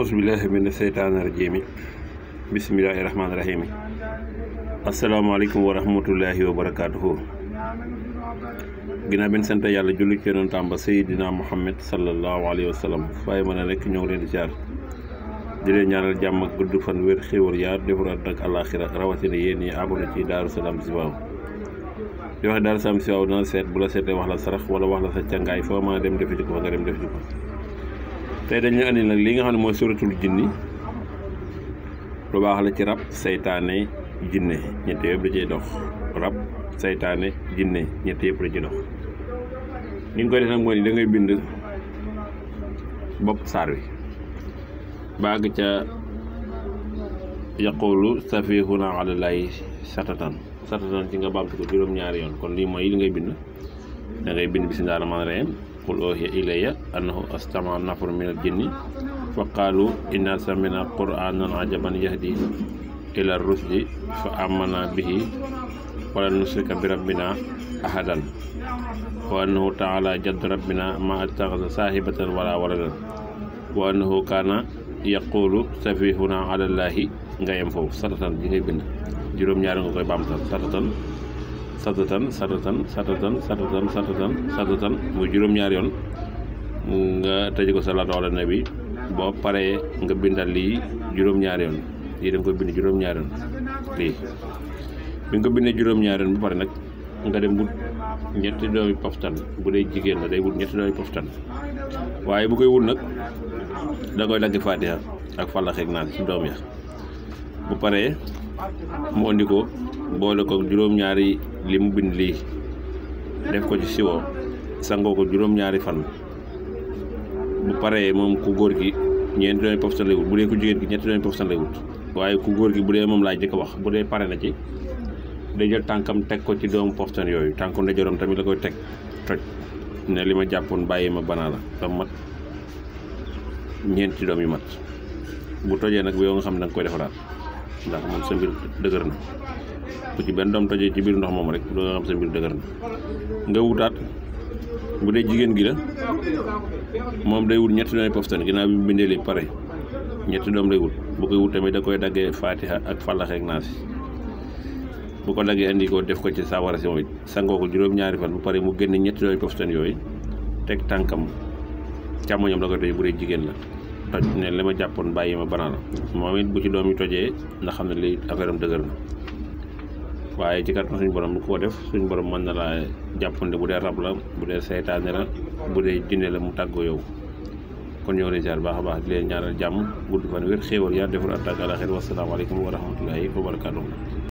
ausbillahi mina seytaani rajiimi bisimilahi rahmaani rahiimi asalaamaaleykum wa rahmatullahi wa barakaatuhu ginnaaw benn sant yàlla julli ci yonent am ba Seydina Muhammad sallallahu alayhi wa sallam waaye mën a nekk ñëw leen di jaar di leen ñaanal jàmm gudd fan wér xéwal yaar defaraat nag àllaaxira rawatina yéen ñi abonné ci Daaru Salaam Zibaw di wax Daaru Salaam Zibaw dana seet bu la seetee wax la sarax wala wax la sa càngaay foo mën a dem defi fa nga dem defi tey dañu andi nag li nga xam ne mooy suratul jinni lu baax la ci rab seytaane jinne ñett yëpp la dox rab saytaane jinne ñett yëpp la ci dox ni nga koy def nag mooy da ngay bind bopp saar wi baag ca yaqulu safihuna alallahi satatan satatan ci nga bamtu ko juróom-ñaari yoon kon ngay bind da ngay bind bismillaahi qul oohiya ilayya annahu astama nafarun min al-jinni fa qaalu inna samina qur'aanan ajaban yahdi ila rusdi fa amana bihi wala nusrika bi rabbina ahadan wa annahu taala jadd rabbina ma attaxasa saahibatan wala waladan wa annahu kaana yaqulu safihuna alallaahi nga yem foofu satatan bi ngay bind juróom-ñaari nga koy baamtal satatan satatan satatan satatan satatan satatan satatan muy juróom-ñaari yoon nga tëj ko salaatu ala bi boo paree nga bindal lii juróom-ñaari yoon lii da nga koy bind juróom lii nga ko bindee juróom-ñaari yoon ba pare nag nga dem wut ñetti doomi poftan bu dee jigéen la day wut ñetti doomi poftan waaye bu koy wut nag da koy dagg faatiha ak fallaxeeg naan ci doom ya bu paree mu andi boole ko juróom-ñaari li mu bind lii def ko ci siwo sangoo ko juróom-ñaari fan bu paree moom ku góor gi ñeenti doomi poftan lay bu dee jigéen gi ñetti doomi poftan lay wut waaye ku góor gi bu dee moom laa jëkk wax bu dee pare na ci day jël tànkam teg ko ci doomu poftan yooyu tànku ndeyjooram tamit la koy teg toj ne li ma jàppoon bàyyi ma banaa la dam mat ñeenti doom yu mat bu tojee nag bi yow nga xam ne danga koy defaraat ndax moom sa mbir dëgër na bu benn doom tojee ci biir ndox moom rek doo nga xam sa mbir dëgër na nga wutaat bu dee jigéen gi la moom day wut ñetti doomi poftan ginnaaw bi mu bindee li pare ñetti doom lay wut bu koy wut tamit da koy daggee faatiha ak fallax ak naas bu ko daggee indi ko def ko ci saawara si moom it sangoo ko juróom-ñaari fan bu pare mu génne ñetti doomi poftan yooyu teg tànkam càmmoñam da koy toj bu dee jigéen la toj ne li ma jàppoon bàyyi ma banaan moom it bu ci doom yi tojee ndax xam ne li affaire am dëgër na waaye ci kàttan suñu borom bu ko def suñu borom mën na laa jàppande bu dee rab la bu dee seytaane la bu dee jinne la mu tàggoo yow kon ñoo ngi baax a baax di leen ñaanal jàmm gudd fan wér xéewal yàlla defal attaque àlaxir wasalaamaaleykum wa rahmatullahi wa barakatuh